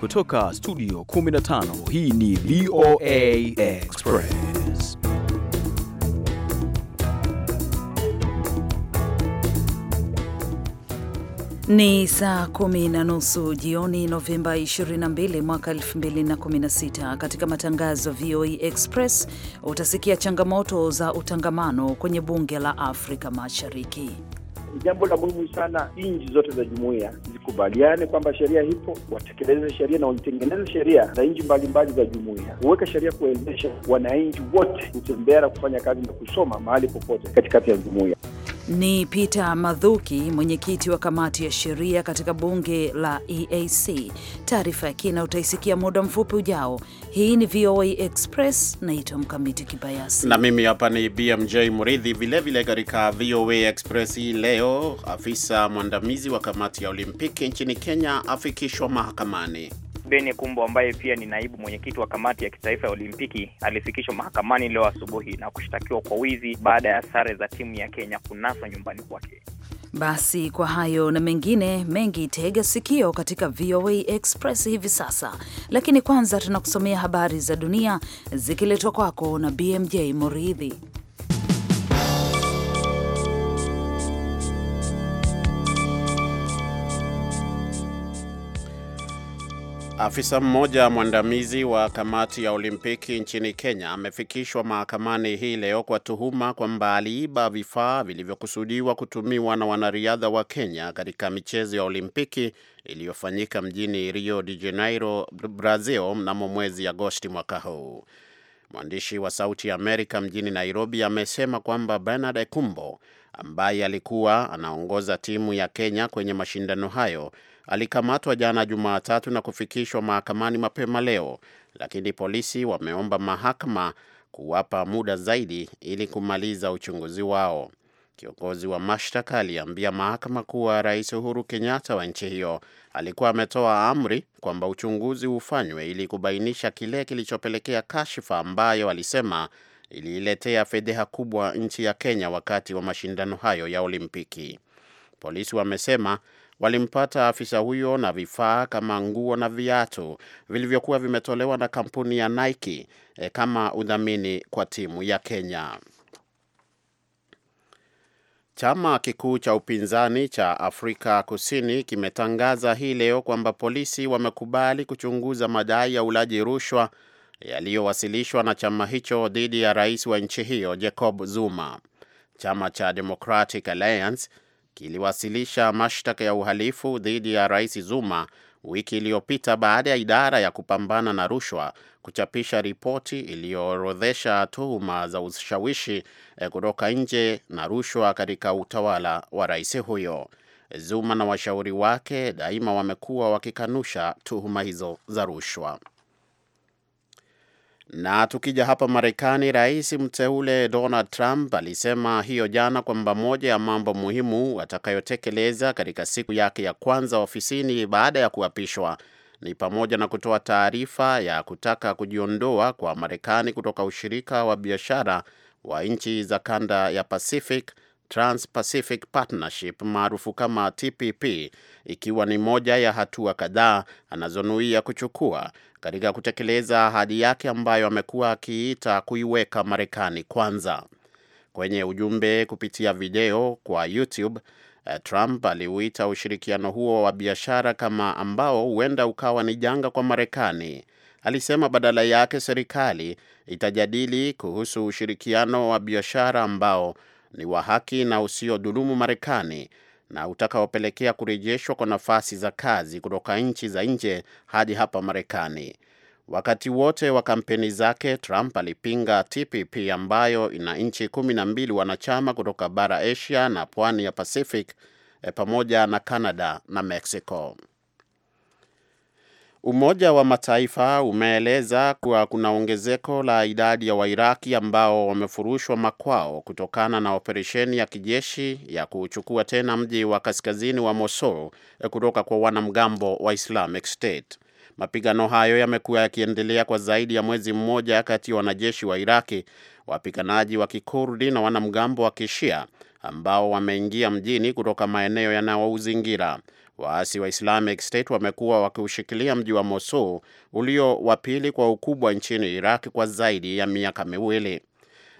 Kutoka studio 15 hii ni VOA Express. Ni saa kumi na nusu jioni Novemba 22 mwaka 2016. Katika matangazo ya VOA Express utasikia changamoto za utangamano kwenye bunge la Afrika Mashariki jambo la muhimu sana, nchi zote za jumuiya zikubaliane kwamba sheria ipo, watekeleze sheria na waitengeneze sheria za nchi mbalimbali za jumuiya, huweka sheria kuwezesha wananchi wote kutembea na kufanya kazi na kusoma mahali popote katikati ya jumuiya. Ni Peter madhuki mwenyekiti wa kamati ya sheria katika bunge la EAC. Taarifa ya kina utaisikia muda mfupi ujao. Hii ni VOA Express, naitwa Mkamiti Kibayasi na mimi hapa ni BMJ Muridhi. Vilevile katika VOA Express hii leo, afisa mwandamizi wa kamati ya Olimpiki nchini Kenya afikishwa mahakamani. Bene Kumbo ambaye pia ni naibu mwenyekiti wa kamati ya kitaifa ya Olimpiki alifikishwa mahakamani leo asubuhi na kushtakiwa kwa wizi baada ya sare za timu ya Kenya kunaswa nyumbani kwake. Basi kwa hayo na mengine mengi, tega sikio katika VOA Express hivi sasa, lakini kwanza tunakusomea habari za dunia zikiletwa kwako na BMJ Muridhi. Afisa mmoja mwandamizi wa kamati ya Olimpiki nchini Kenya amefikishwa mahakamani hii leo kwa tuhuma kwamba aliiba vifaa vilivyokusudiwa kutumiwa na wanariadha wa Kenya katika michezo ya Olimpiki iliyofanyika mjini Rio de Janeiro, Brazil mnamo mwezi Agosti mwaka huu. Mwandishi wa Sauti ya Amerika mjini Nairobi amesema kwamba Bernard Ekumbo ambaye alikuwa anaongoza timu ya Kenya kwenye mashindano hayo alikamatwa jana Jumatatu na kufikishwa mahakamani mapema leo, lakini polisi wameomba mahakama kuwapa muda zaidi ili kumaliza uchunguzi wao. Kiongozi wa mashtaka aliambia mahakama kuwa Rais Uhuru Kenyatta wa nchi hiyo alikuwa ametoa amri kwamba uchunguzi ufanywe ili kubainisha kile kilichopelekea kashifa ambayo alisema iliiletea fedheha kubwa nchi ya Kenya wakati wa mashindano hayo ya Olimpiki. Polisi wamesema walimpata afisa huyo na vifaa kama nguo na viatu vilivyokuwa vimetolewa na kampuni ya Nike e, kama udhamini kwa timu ya Kenya. Chama kikuu cha upinzani cha Afrika Kusini kimetangaza hii leo kwamba polisi wamekubali kuchunguza madai ya ulaji rushwa yaliyowasilishwa na chama hicho dhidi ya rais wa nchi hiyo Jacob Zuma. Chama cha Democratic Alliance kiliwasilisha mashtaka ya uhalifu dhidi ya rais Zuma wiki iliyopita baada ya idara ya kupambana na rushwa kuchapisha ripoti iliyoorodhesha tuhuma za ushawishi eh, kutoka nje na rushwa katika utawala wa rais huyo. Zuma na washauri wake daima wamekuwa wakikanusha tuhuma hizo za rushwa. Na tukija hapa Marekani, rais mteule Donald Trump alisema hiyo jana kwamba moja ya mambo muhimu atakayotekeleza katika siku yake ya kwanza ofisini baada ya kuapishwa ni pamoja na kutoa taarifa ya kutaka kujiondoa kwa Marekani kutoka ushirika wa biashara wa nchi za kanda ya Pacific Trans-Pacific Partnership maarufu kama TPP, ikiwa ni moja ya hatua kadhaa anazonuia kuchukua katika kutekeleza ahadi yake ambayo amekuwa akiita kuiweka Marekani kwanza. Kwenye ujumbe kupitia video kwa YouTube, eh, Trump aliuita ushirikiano huo wa biashara kama ambao huenda ukawa ni janga kwa Marekani. Alisema badala yake serikali itajadili kuhusu ushirikiano wa biashara ambao ni wa haki na usiodhulumu Marekani na utakaopelekea kurejeshwa kwa nafasi za kazi kutoka nchi za nje hadi hapa Marekani. Wakati wote wa kampeni zake, Trump alipinga TPP ambayo ina nchi kumi na mbili wanachama kutoka bara Asia na pwani ya Pacific eh, pamoja na Canada na Mexico. Umoja wa Mataifa umeeleza kuwa kuna ongezeko la idadi ya Wairaki ambao wamefurushwa makwao kutokana na operesheni ya kijeshi ya kuchukua tena mji wa kaskazini wa Mosul eh, kutoka kwa wanamgambo wa Islamic State. Mapigano hayo yamekuwa yakiendelea kwa zaidi ya mwezi mmoja kati ya wanajeshi wa Iraki, wapiganaji wa Kikurdi na wanamgambo wa Kishia ambao wameingia mjini kutoka maeneo yanayouzingira Waasi wa Islamic State wamekuwa wakiushikilia mji wa Mosul ulio wa pili kwa ukubwa nchini Iraq kwa zaidi ya miaka miwili.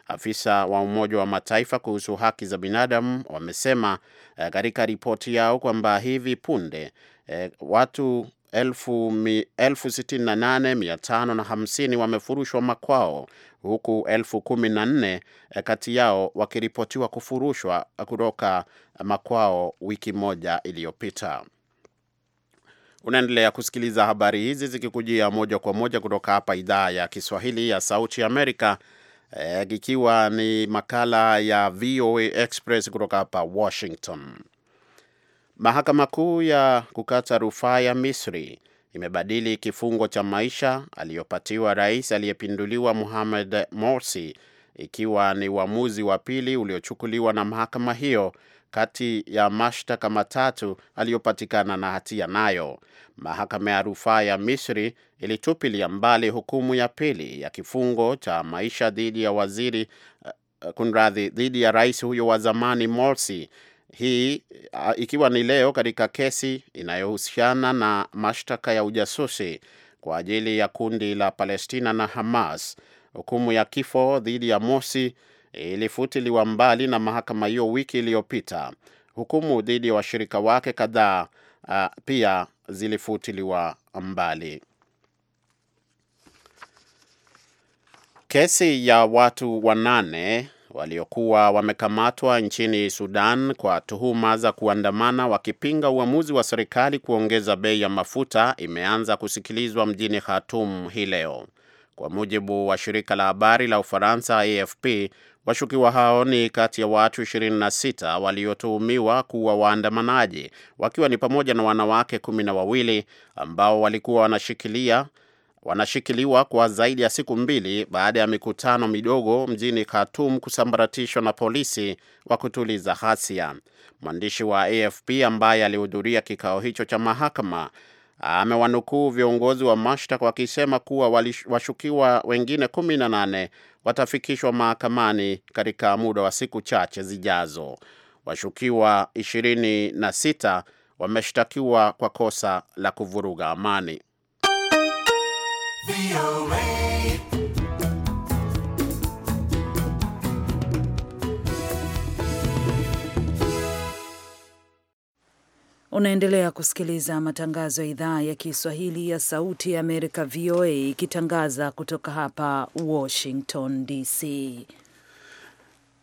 Afisa wa Umoja wa Mataifa kuhusu haki za binadamu wamesema eh, katika ripoti yao kwamba hivi punde eh, watu 68,550 wamefurushwa makwao huku 14 eh, kati yao wakiripotiwa kufurushwa kutoka makwao wiki moja iliyopita. Unaendelea kusikiliza habari hizi zikikujia moja kwa moja kutoka hapa idhaa ya Kiswahili ya Sauti Amerika, eh, ikiwa e, ni makala ya VOA Express kutoka hapa Washington. Mahakama Kuu ya kukata rufaa ya Misri imebadili kifungo cha maisha aliyopatiwa rais aliyepinduliwa muhamed Morsi, ikiwa ni uamuzi wa pili uliochukuliwa na mahakama hiyo kati ya mashtaka matatu aliyopatikana na hatia nayo. Mahakama ya rufaa ya Misri ilitupilia mbali hukumu ya pili ya kifungo cha maisha dhidi ya waziri eh, eh, kunradhi, dhidi ya rais huyo wa zamani Morsi hii ikiwa ni leo katika kesi inayohusiana na mashtaka ya ujasusi kwa ajili ya kundi la Palestina na Hamas. Hukumu ya kifo dhidi ya Mosi ilifutiliwa mbali na mahakama hiyo wiki iliyopita. Hukumu dhidi ya washirika wake kadhaa uh, pia zilifutiliwa mbali. Kesi ya watu wanane waliokuwa wamekamatwa nchini Sudan kwa tuhuma za kuandamana wakipinga uamuzi wa serikali kuongeza bei ya mafuta imeanza kusikilizwa mjini Khartoum hii leo. Kwa mujibu wa shirika la habari la Ufaransa AFP, washukiwa hao ni kati ya watu 26 waliotuhumiwa kuwa waandamanaji, wakiwa ni pamoja na wanawake kumi na wawili ambao walikuwa wanashikilia wanashikiliwa kwa zaidi ya siku mbili baada ya mikutano midogo mjini Khartoum kusambaratishwa na polisi wa kutuliza ghasia. Mwandishi wa AFP ambaye alihudhuria kikao hicho cha mahakama amewanukuu viongozi wa mashtaka wakisema kuwa washukiwa wengine kumi na nane watafikishwa mahakamani katika muda wa siku chache zijazo. Washukiwa ishirini na sita wameshtakiwa kwa kosa la kuvuruga amani. Unaendelea kusikiliza matangazo ya idhaa ya Kiswahili ya Sauti ya Amerika, VOA, ikitangaza kutoka hapa Washington DC.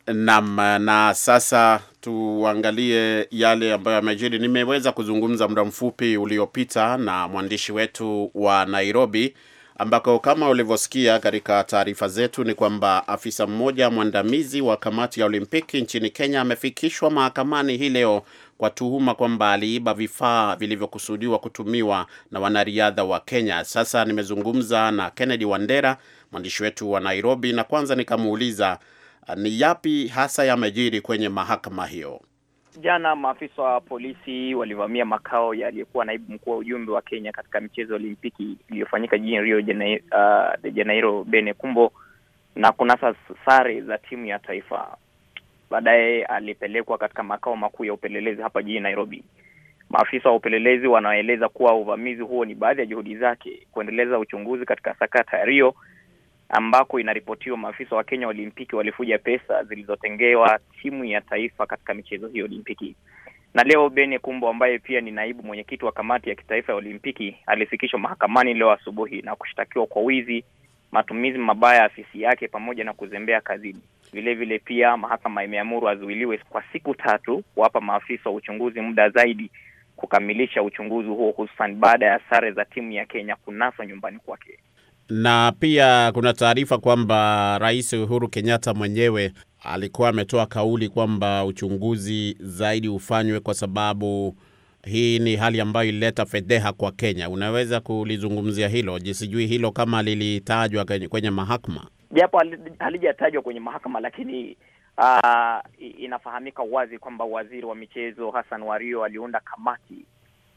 Naam, na sasa tuangalie yale ambayo yamejiri. Nimeweza kuzungumza muda mfupi uliopita na mwandishi wetu wa Nairobi ambako kama ulivyosikia katika taarifa zetu ni kwamba afisa mmoja mwandamizi wa kamati ya Olimpiki nchini Kenya amefikishwa mahakamani hii leo kwa tuhuma kwamba aliiba vifaa vilivyokusudiwa kutumiwa na wanariadha wa Kenya. Sasa nimezungumza na Kennedy Wandera, mwandishi wetu wa Nairobi, na kwanza nikamuuliza ni yapi hasa yamejiri kwenye mahakama hiyo. Jana maafisa wa polisi walivamia makao ya aliyekuwa naibu mkuu wa ujumbe wa Kenya katika michezo ya Olimpiki iliyofanyika jijini Rio de uh, Bene Kumbo, na kunasa sare za timu ya taifa. Baadaye alipelekwa katika makao makuu ya upelelezi hapa jijini Nairobi. Maafisa wa upelelezi wanaeleza kuwa uvamizi huo ni baadhi ya juhudi zake kuendeleza uchunguzi katika sakata ya Rio ambako inaripotiwa maafisa wa Kenya Olimpiki walifuja pesa zilizotengewa timu ya taifa katika michezo hiyo Olimpiki. Na leo Bene Kumbo ambaye pia ni naibu mwenyekiti wa kamati ya kitaifa ya Olimpiki alifikishwa mahakamani leo asubuhi na kushtakiwa kwa wizi, matumizi mabaya ya afisi yake pamoja na kuzembea kazini. Vile vile pia mahakama imeamuru azuiliwe kwa siku tatu kuwapa maafisa wa uchunguzi muda zaidi kukamilisha uchunguzi huo, hususan baada ya sare za timu ya Kenya kunaswa nyumbani kwake na pia kuna taarifa kwamba Rais Uhuru Kenyatta mwenyewe alikuwa ametoa kauli kwamba uchunguzi zaidi ufanywe kwa sababu hii ni hali ambayo ilileta fedheha kwa Kenya. Unaweza kulizungumzia hilo? Sijui hilo kama lilitajwa kwenye mahakama, japo halijatajwa kwenye mahakama, lakini uh, inafahamika wazi kwamba waziri wa michezo Hassan Wario aliunda kamati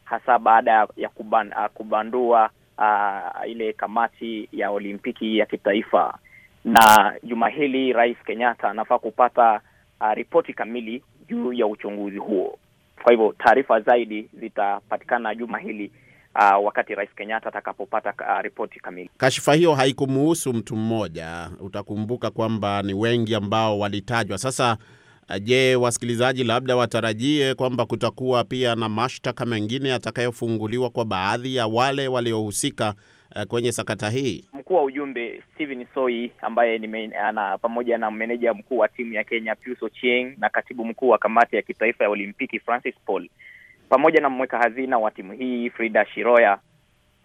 hasa baada ya kuban, kubandua uh, ile kamati ya Olimpiki ya kitaifa, na juma hili Rais Kenyatta anafaa kupata uh, ripoti kamili juu ya uchunguzi huo. Kwa hivyo taarifa zaidi zitapatikana juma hili uh, wakati Rais Kenyatta atakapopata uh, ripoti kamili. Kashifa hiyo haikumuhusu mtu mmoja, utakumbuka kwamba ni wengi ambao walitajwa. Sasa Je, wasikilizaji labda watarajie kwamba kutakuwa pia na mashtaka mengine yatakayofunguliwa kwa baadhi ya wale waliohusika eh, kwenye sakata hii? Mkuu wa ujumbe Steven Soi ambaye ni ana, pamoja na meneja mkuu wa timu ya Kenya Pius Ochieng na katibu mkuu wa kamati ya kitaifa ya Olimpiki Francis Paul pamoja na mweka hazina wa timu hii Frida Shiroya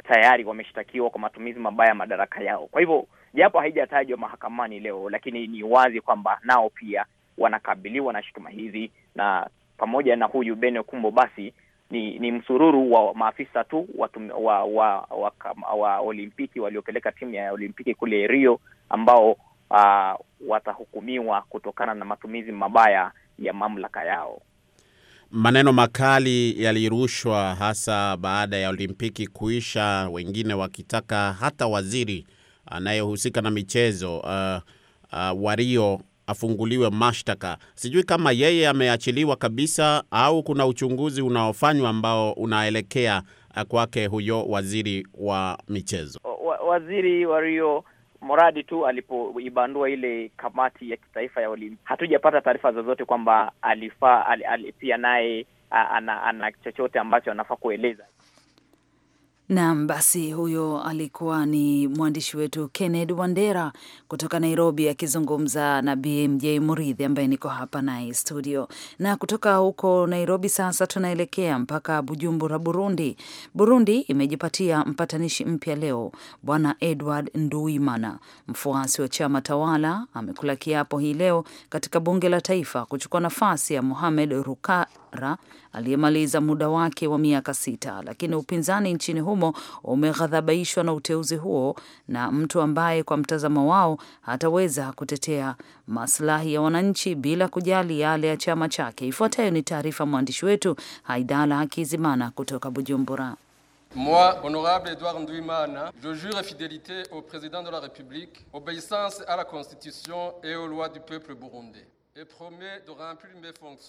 tayari wameshtakiwa kwa matumizi mabaya ya madaraka yao. Kwa hivyo japo haijatajwa mahakamani leo, lakini ni wazi kwamba nao pia wanakabiliwa na shutuma hizi, na pamoja na huyu Ben Okumbo, basi ni, ni msururu wa maafisa tu watum, wa, wa, wa, wa, wa Olimpiki waliopeleka timu ya Olimpiki kule Rio ambao uh, watahukumiwa kutokana na matumizi mabaya ya mamlaka yao. Maneno makali yalirushwa hasa baada ya Olimpiki kuisha, wengine wakitaka hata waziri anayehusika na michezo uh, ah, uh, ah, Wario afunguliwe mashtaka. Sijui kama yeye ameachiliwa kabisa au kuna uchunguzi unaofanywa ambao unaelekea eh, kwake huyo waziri wa michezo wa, waziri walio mradi tu alipoibandua ile kamati ya kitaifa ya olimpi hatujapata taarifa zozote kwamba alifaa al, al, pia naye ana, ana chochote ambacho anafaa kueleza. Naam, basi huyo alikuwa ni mwandishi wetu Kenneth Wandera kutoka Nairobi akizungumza na BMJ Muridhi ambaye niko hapa naye studio. Na kutoka huko Nairobi sasa tunaelekea mpaka Bujumbura, Burundi. Burundi imejipatia mpatanishi mpya leo, Bwana Edward Nduimana, mfuasi wa chama tawala, amekula kiapo hii leo katika bunge la taifa kuchukua nafasi ya Mohamed Ruka Ouattara aliyemaliza muda wake wa miaka sita, lakini upinzani nchini humo umeghadhabishwa na uteuzi huo na mtu ambaye kwa mtazamo wao hataweza kutetea maslahi ya wananchi bila kujali yale ya chama chake. Ifuatayo ni taarifa mwandishi wetu Haidala Hakizimana kutoka Bujumbura. Moi, honorable Edouard Nduimana, je jure fidélité au président de la République, obéissance à la Constitution et aux lois du peuple burundais.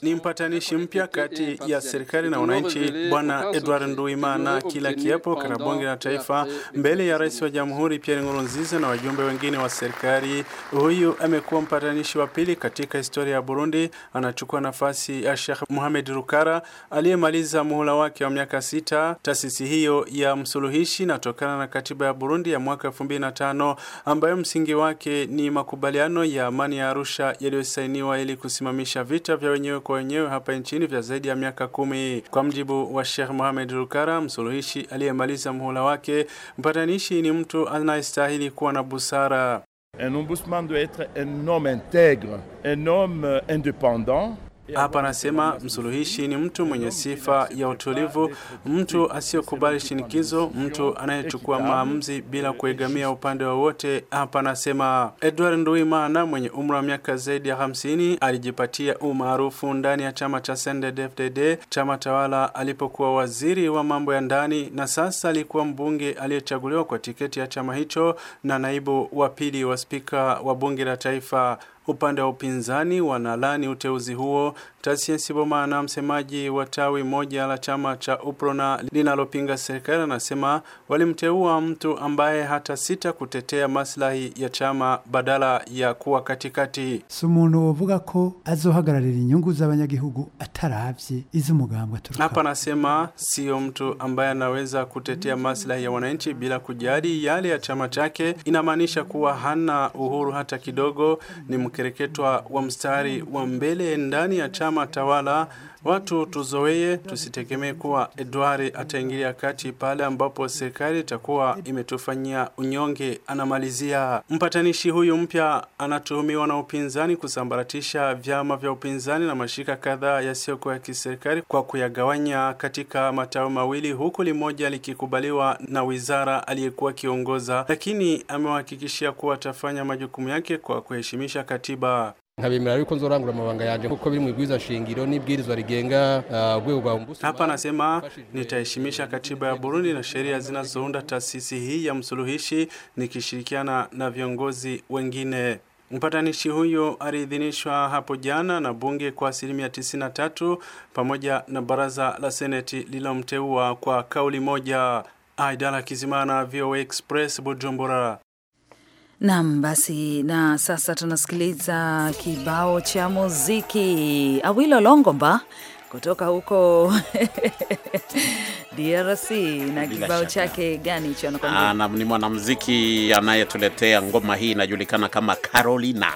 Ni mpatanishi mpya kati ya serikali na wananchi. Bwana Edward Nduimana kila kiapo katika bunge la taifa mbele ya rais wa jamhuri Pierre Nkurunziza na wajumbe wengine wa serikali. Huyu amekuwa mpatanishi wa pili katika historia ya Burundi, anachukua nafasi ya Sheikh Mohamed Rukara aliyemaliza muhula wake wa miaka sita. Taasisi hiyo ya msuluhishi inatokana na katiba ya Burundi ya mwaka 2005 ambayo msingi wake ni makubaliano ya amani ya Arusha yaliyosainiwa ili kusimamisha vita vya wenyewe kwa wenyewe hapa nchini vya zaidi ya miaka kumi. Kwa mjibu wa Sheikh Mohamed Rukara, msuluhishi aliyemaliza muhula wake, mpatanishi ni mtu anayestahili kuwa na busara. Un ombudsman doit être un homme intègre, un homme euh, indépendant hapa anasema msuluhishi ni mtu mwenye sifa ya utulivu, mtu asiyokubali shinikizo, mtu anayechukua maamuzi bila kuegamia upande wowote. Hapa anasema Edward Nduimana mwenye umri wa miaka zaidi ya hamsini alijipatia umaarufu ndani ya chama cha CNDD-FDD, chama tawala, alipokuwa waziri wa mambo ya ndani, na sasa alikuwa mbunge aliyechaguliwa kwa tiketi ya chama hicho na naibu wa pili wa spika wa bunge la taifa. Upande wa upinzani wanalani uteuzi huo Tasies Bomana, msemaji wa tawi moja la chama cha UPRONA linalopinga serikali, anasema walimteua mtu ambaye hata sita kutetea maslahi ya chama badala ya kuwa katikati. Si umuntu wovuga ko azohagararira inyungu z'abanyagihugu ataravye iz'umugambwe turuka. Hapa anasema sio mtu ambaye anaweza kutetea maslahi ya wananchi bila kujali yale ya chama chake, inamaanisha kuwa hana uhuru hata kidogo, ni mkereketwa wa mstari wa mbele ndani ya chama chama tawala. Watu tuzoee, tusitegemee kuwa Edwari ataingilia kati pale ambapo serikali itakuwa imetufanyia unyonge, anamalizia. Mpatanishi huyu mpya anatuhumiwa na upinzani kusambaratisha vyama vya upinzani na mashirika kadhaa yasiyokuwa ya kiserikali kwa kuyagawanya katika matawi mawili, huku limoja likikubaliwa na wizara aliyekuwa akiongoza, lakini amewahakikishia kuwa atafanya majukumu yake kwa kuheshimisha katiba nkabemera yuko nzorangura amabanga yanje kuko biri mu bwiza shingiro n'ibwirizwa rigenga urwego uh, rwa Hapa anasema nitaheshimisha katiba ya Burundi na sheria zinazounda taasisi hii ya msuluhishi nikishirikiana na viongozi wengine. Mpatanishi huyo aliidhinishwa hapo jana na bunge kwa asilimia 93 pamoja na baraza la seneti lililomteua kwa kauli moja. Aidala Kizimana, VOA Express, Bujumbura. Nam basi, na sasa tunasikiliza kibao cha muziki Awilo Longomba kutoka huko DRC na kibao chake gani hicho ah, Ni mwanamuziki anayetuletea ngoma hii, inajulikana kama Carolina.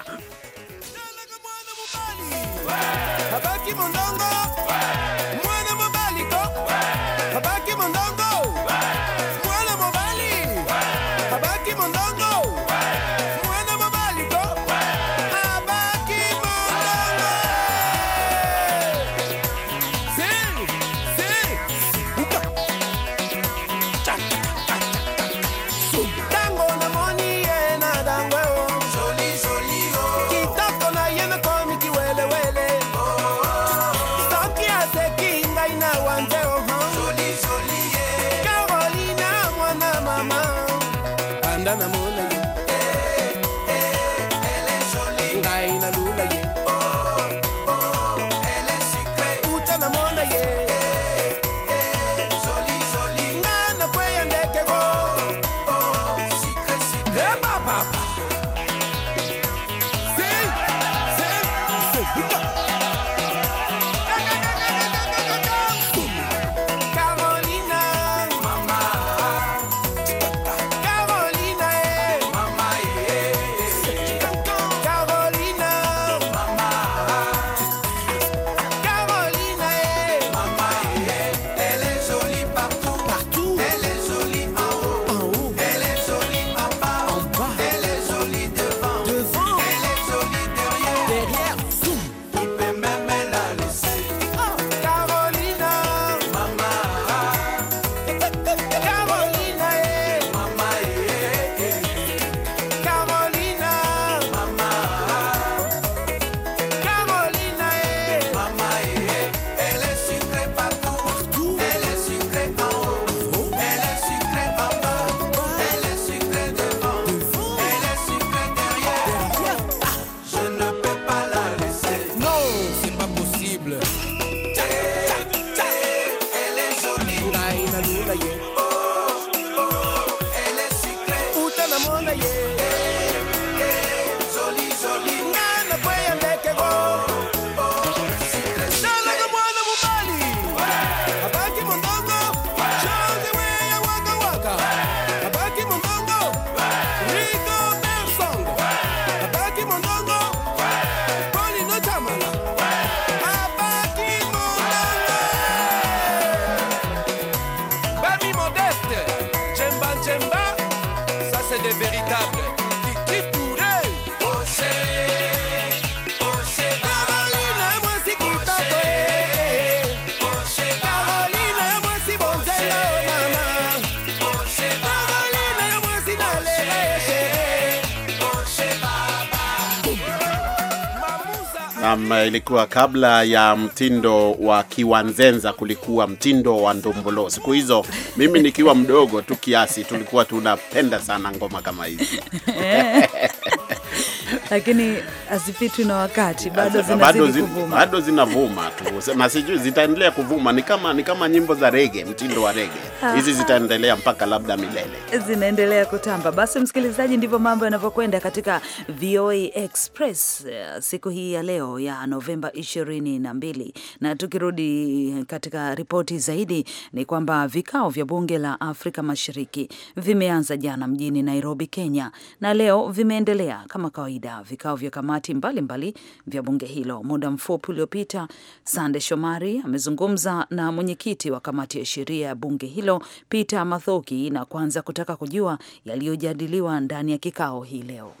um, ilikuwa kabla ya mtindo wa kiwanzenza, kulikuwa mtindo wa ndombolo. Siku hizo mimi nikiwa mdogo tu kiasi, tulikuwa tunapenda sana ngoma kama hizi eh lakini hazipitwi na wakati, bado zinazidi kuvuma, bado zinavuma tu na sijui zitaendelea kuvuma. Ni kama ni kama nyimbo za rege, mtindo wa rege ah, hizi ah. zitaendelea mpaka labda milele, zinaendelea kutamba. Basi msikilizaji, ndivyo mambo yanavyokwenda katika VOA Express eh, siku hii ya leo ya Novemba ishirini na mbili. Na tukirudi eh, katika ripoti zaidi, ni kwamba vikao vya bunge la Afrika Mashariki vimeanza jana mjini Nairobi, Kenya, na leo vimeendelea kama kawaida vikao vya kamati mbalimbali vya bunge hilo. Muda mfupi uliopita, Sande Shomari amezungumza na mwenyekiti wa kamati ya sheria ya bunge hilo Peter Mathoki, na kwanza kutaka kujua yaliyojadiliwa ndani ya kikao hii leo.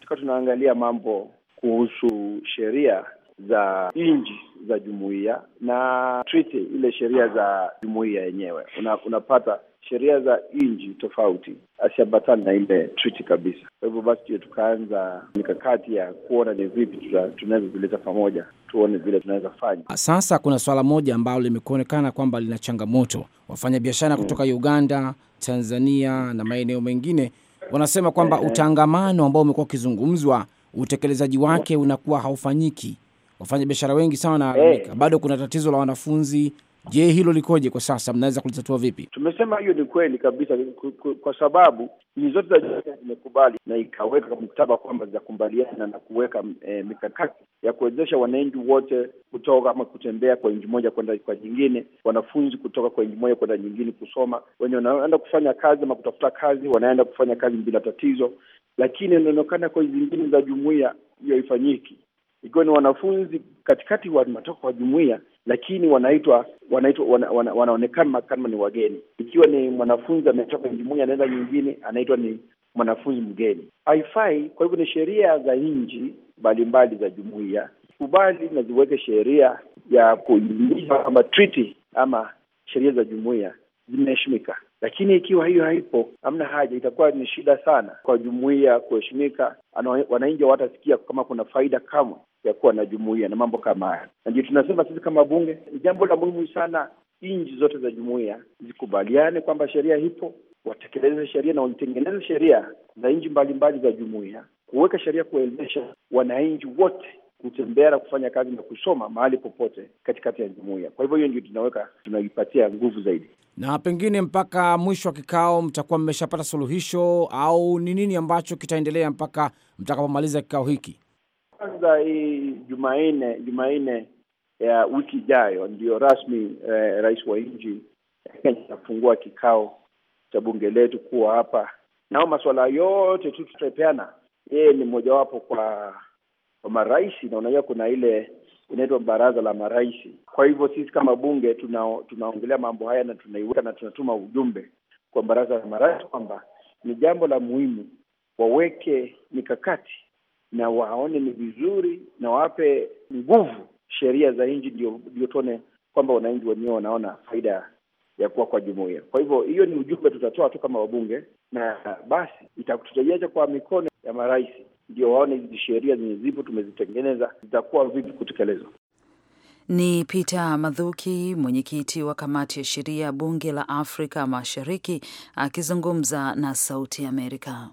Tukiwa tunaangalia mambo kuhusu sheria za nchi za jumuiya na treaty, ile sheria za jumuiya yenyewe, unapata una sheria za nchi tofauti asiambatana na ile treaty kabisa. Kwa hivyo basi, tuyo tukaanza mikakati ya kuona ni vipi tunavyovileta pamoja, tuone vile tunaweza fanya. Sasa kuna swala moja ambalo limekuonekana kwamba lina changamoto. Wafanyabiashara kutoka mm. Uganda, Tanzania na maeneo mengine wanasema kwamba eh. utangamano ambao umekuwa ukizungumzwa, utekelezaji wake unakuwa haufanyiki. Wafanyabiashara wengi sana wanalalamika. Eh. Bado kuna tatizo la wanafunzi Je, hilo likoje kwa sasa? Mnaweza kulitatua vipi? Tumesema hiyo ni kweli kabisa, kwa sababu nchi zote za zimekubali na ikaweka mkataba kwamba zitakubaliana na kuweka e, mikakati ya kuwezesha wananchi wote kutoka ama kutembea kwa nchi moja kwenda kwa nyingine, wanafunzi kutoka kwa nchi moja kwenda nyingine kusoma, wenye wanaenda kufanya kazi ama kutafuta kazi wanaenda kufanya kazi bila tatizo, lakini inaonekana kwa zingine za jumuiya hiyo haifanyiki, ikiwa ni wanafunzi katikati wanatoka kwa jumuiya lakini wanaitwa wanaitwa wana, wana, wanaonekana kama ni wageni. Ikiwa ni mwanafunzi ametoka nchi moja anaenda nyingine, anaitwa ni mwanafunzi mgeni, haifai. Kwa hivyo ni sheria za nchi mbalimbali za jumuiya kubali na ziweke sheria ya kuingiza kwamba treaty ama sheria za jumuiya zimeheshimika, lakini ikiwa hiyo haipo, hamna haja, itakuwa ni shida sana kwa jumuiya kuheshimika. Wananchi watasikia kama kuna faida kamwe ya kuwa na jumuiya na mambo kama haya, na ndio tunasema sisi kama bunge ni jambo la muhimu sana, nchi zote za jumuiya zikubaliane kwamba sheria ipo, watekeleze sheria na waitengeneze sheria za nchi mbalimbali za jumuiya, kuweka sheria kuwezesha wananchi wote kutembea na kufanya kazi na kusoma mahali popote katikati ya jumuiya. Kwa hivyo hiyo ndio tunaweka tunaipatia nguvu zaidi. Na pengine mpaka mwisho wa kikao mtakuwa mmeshapata suluhisho, au ni nini ambacho kitaendelea mpaka mtakapomaliza kikao hiki? kwanza hii Jumanne Jumanne ya wiki ijayo ndio rasmi eh, rais wa nchi nafungua kikao cha bunge letu kuwa hapa, nao masuala yote tu tutapeana Yeye ni mmojawapo kwa kwa marais, na unajua kuna ile inaitwa baraza la marais. Kwa hivyo sisi kama bunge tuna, tunaongelea mambo haya na tunaiweka na tunatuma ujumbe kwa baraza la marais kwamba ni jambo la muhimu waweke mikakati na waone ni vizuri na wape nguvu sheria za nji ndio tuone kwamba wananji wenyewe wanaona faida ya kuwa kwa jumuia Kwa hivyo hiyo ni ujumbe tutatoa tu kama wabunge, na basi itatutajacha kwa mikono ya marais ndio waone hizi sheria zenye zipo tumezitengeneza zitakuwa vipi kutekelezwa. Ni Peter madhuki mwenyekiti wa kamati ya sheria bunge la Afrika Mashariki, akizungumza na Sauti Amerika.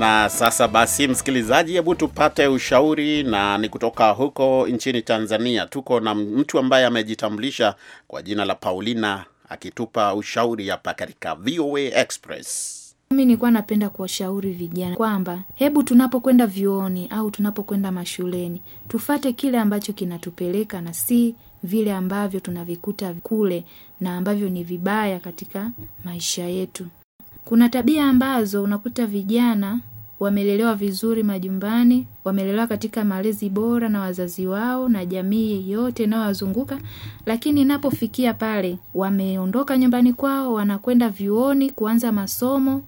Na sasa basi, msikilizaji, hebu tupate ushauri, na ni kutoka huko nchini Tanzania. Tuko na mtu ambaye amejitambulisha kwa jina la Paulina akitupa ushauri hapa katika VOA Express. Mimi nilikuwa napenda kuwashauri vijana kwamba hebu tunapokwenda vyuoni au tunapokwenda mashuleni tufate kile ambacho kinatupeleka na si vile ambavyo tunavikuta kule na ambavyo ni vibaya katika maisha yetu. Kuna tabia ambazo unakuta vijana wamelelewa vizuri majumbani, wamelelewa katika malezi bora na wazazi wao na jamii yote inayowazunguka, lakini inapofikia pale wameondoka nyumbani kwao, wanakwenda vyuoni kuanza masomo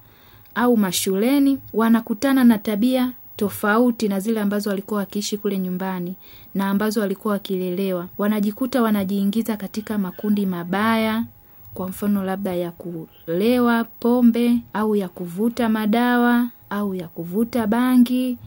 au mashuleni, wanakutana na tabia tofauti na zile ambazo walikuwa wakiishi kule nyumbani na ambazo walikuwa wakilelewa, wanajikuta wanajiingiza katika makundi mabaya kwa mfano labda ya kulewa pombe au ya kuvuta madawa au ya kuvuta bangi.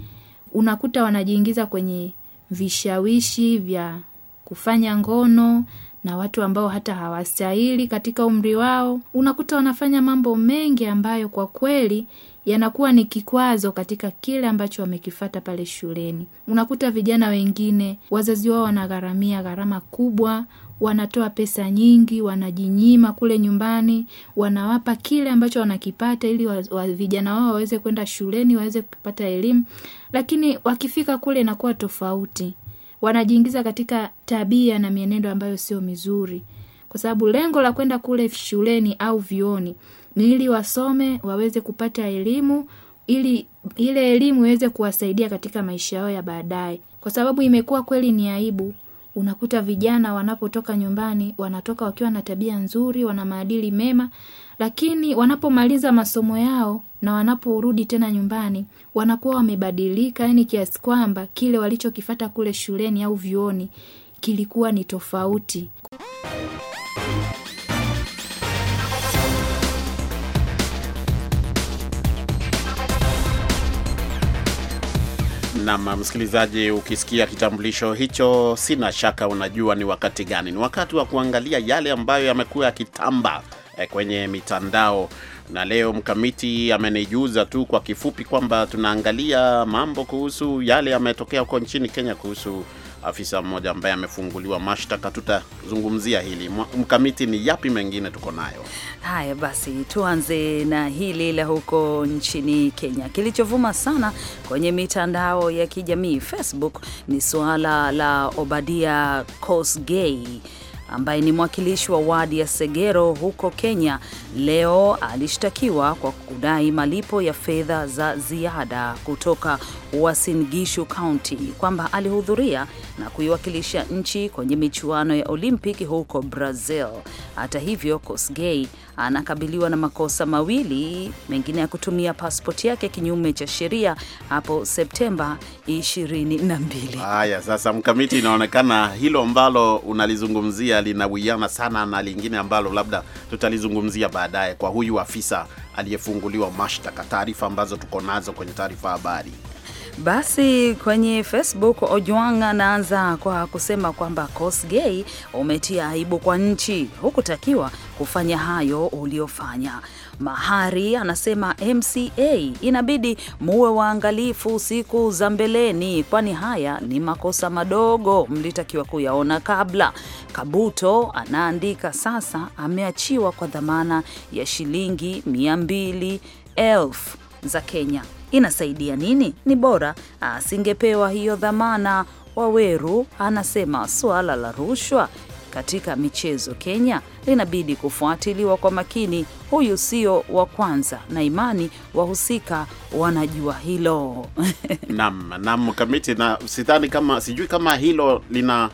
Unakuta wanajiingiza kwenye vishawishi vya kufanya ngono na watu ambao hata hawastahili katika umri wao. Unakuta wanafanya mambo mengi ambayo kwa kweli yanakuwa ni kikwazo katika kile ambacho wamekifata pale shuleni. Unakuta vijana wengine wazazi wao wanagharamia gharama kubwa wanatoa pesa nyingi, wanajinyima kule nyumbani, wanawapa kile ambacho wanakipata ili wa, wa, vijana wao waweze kwenda shuleni, waweze kupata elimu, lakini wakifika kule inakuwa tofauti, wanajiingiza katika tabia na mienendo ambayo sio mizuri, kwa sababu lengo la kwenda kule shuleni au vioni ni ili wasome, waweze kupata elimu ili ile elimu iweze kuwasaidia katika maisha yao ya baadaye, kwa sababu imekuwa kweli ni aibu Unakuta vijana wanapotoka nyumbani wanatoka wakiwa na tabia nzuri, wana maadili mema, lakini wanapomaliza masomo yao na wanaporudi tena nyumbani wanakuwa wamebadilika, yani kiasi kwamba kile walichokifata kule shuleni au vyoni kilikuwa ni tofauti. Nam msikilizaji, ukisikia kitambulisho hicho, sina shaka unajua ni wakati gani. Ni wakati wa kuangalia yale ambayo yamekuwa yakitamba eh, kwenye mitandao na leo mkamiti amenijuza tu kwa kifupi kwamba tunaangalia mambo kuhusu yale yametokea huko nchini Kenya kuhusu afisa mmoja ambaye amefunguliwa mashtaka. Tutazungumzia hili mkamiti, ni yapi mengine tuko nayo? Haya basi, tuanze na hili la huko nchini Kenya. Kilichovuma sana kwenye mitandao ya kijamii Facebook ni suala la Obadia Kosgei ambaye ni mwakilishi wa wadi ya Segero huko Kenya. Leo alishtakiwa kwa kudai malipo ya fedha za ziada kutoka wa Singishu County kwamba alihudhuria na kuiwakilisha nchi kwenye michuano ya Olympic huko Brazil. Hata hivyo, Kosgei anakabiliwa na makosa mawili mengine ya kutumia pasipoti yake kinyume cha sheria hapo Septemba 22. Haya, sasa mkamiti, inaonekana hilo ambalo unalizungumzia linawiana sana na lingine ambalo labda tutalizungumzia baadaye, kwa huyu afisa aliyefunguliwa mashtaka, taarifa ambazo tuko nazo kwenye taarifa habari. Basi kwenye Facebook Ojwang anaanza kwa kusema kwamba Kosgei umetia aibu kwa nchi, hukutakiwa kufanya hayo uliofanya. Mahari anasema MCA inabidi muwe waangalifu siku za mbeleni, kwani haya ni makosa madogo mlitakiwa kuyaona kabla. Kabuto anaandika sasa ameachiwa kwa dhamana ya shilingi mia mbili elfu za Kenya inasaidia nini? Ni bora asingepewa ah, hiyo dhamana. Waweru anasema suala la rushwa katika michezo Kenya linabidi kufuatiliwa kwa makini. Huyu sio wa kwanza, na imani wahusika wanajua hilo. nam nam Kamiti, na sidhani kama, sijui kama hilo lina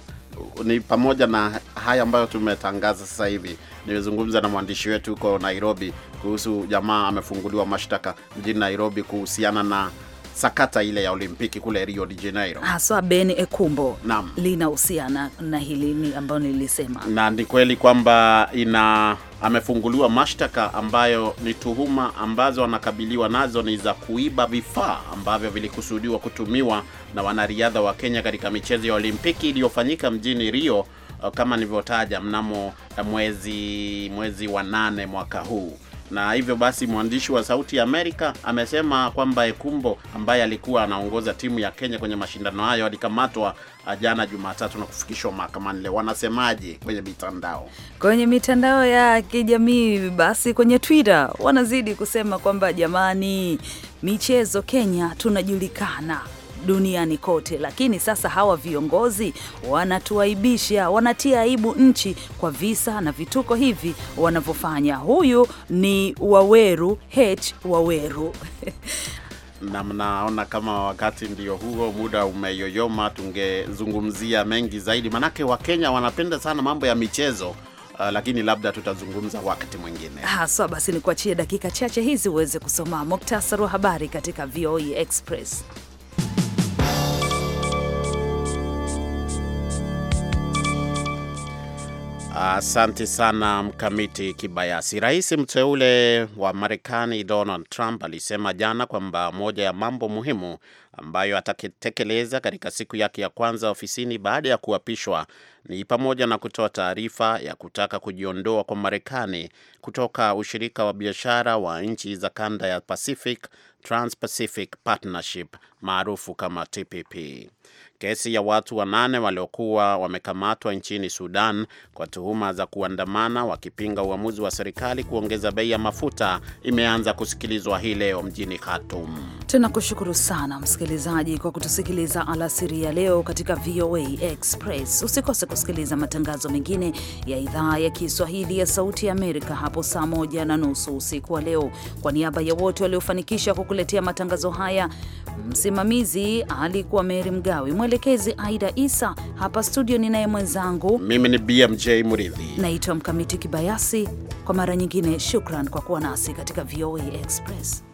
ni pamoja na haya ambayo tumetangaza sasa hivi nimezungumza na mwandishi wetu huko Nairobi kuhusu jamaa amefunguliwa mashtaka mjini Nairobi kuhusiana na sakata ile ya Olimpiki kule Rio de Janeiro haswa Ben Ekumbo linahusiana na hili ambayo nilisema, na ni kweli kwamba ina amefunguliwa mashtaka ambayo ni tuhuma ambazo anakabiliwa nazo ni za kuiba vifaa ambavyo vilikusudiwa kutumiwa na wanariadha wa Kenya katika michezo ya Olimpiki iliyofanyika mjini Rio Eh, kama nilivyotaja mnamo eh, mwezi mwezi wa nane mwaka huu na hivyo basi mwandishi wa Sauti ya Amerika amesema kwamba Ekumbo ambaye alikuwa anaongoza timu ya Kenya kwenye mashindano hayo alikamatwa eh, jana Jumatatu na kufikishwa mahakamani. Leo wanasemaje kwenye mitandao, kwenye mitandao ya kijamii? Basi kwenye Twitter wanazidi kusema kwamba jamani, michezo Kenya tunajulikana duniani kote, lakini sasa hawa viongozi wanatuaibisha, wanatia aibu nchi kwa visa na vituko hivi wanavyofanya. Huyu ni Waweru H Waweru. Na mnaona kama wakati ndio huo, muda umeyoyoma. Tungezungumzia mengi zaidi, manake Wakenya wanapenda sana mambo ya michezo. Uh, lakini labda tutazungumza wakati mwingine haswa. Basi nikuachie dakika chache hizi uweze kusoma muktasari wa habari katika VOE Express. Asante sana Mkamiti Kibayasi. Rais mteule wa Marekani Donald Trump alisema jana kwamba moja ya mambo muhimu ambayo atatekeleza katika siku yake ya kwanza ofisini baada ya kuapishwa ni pamoja na kutoa taarifa ya kutaka kujiondoa kwa Marekani kutoka ushirika wa biashara wa nchi za kanda ya Pacific Trans-Pacific Partnership maarufu kama TPP. Kesi ya watu wanane waliokuwa wamekamatwa nchini Sudan kwa tuhuma za kuandamana wakipinga uamuzi wa serikali kuongeza bei ya mafuta imeanza kusikilizwa hii leo mjini Khartoum. Tunakushukuru sana msikilizaji kwa kutusikiliza alasiri ya leo katika VOA Express. Usikose kusikiliza matangazo mengine ya idhaa ya Kiswahili ya Sauti ya Amerika hapo saa moja na nusu usiku wa leo. Kwa niaba ya wote waliofanikisha kukuletea matangazo haya, msimamizi alikuwa Meri Mgawe mwelekezi Aida Isa. Hapa studio ni naye mwenzangu, mimi ni BMJ Muridhi, naitwa Mkamiti Kibayasi. Kwa mara nyingine, shukran kwa kuwa nasi katika VOA Express.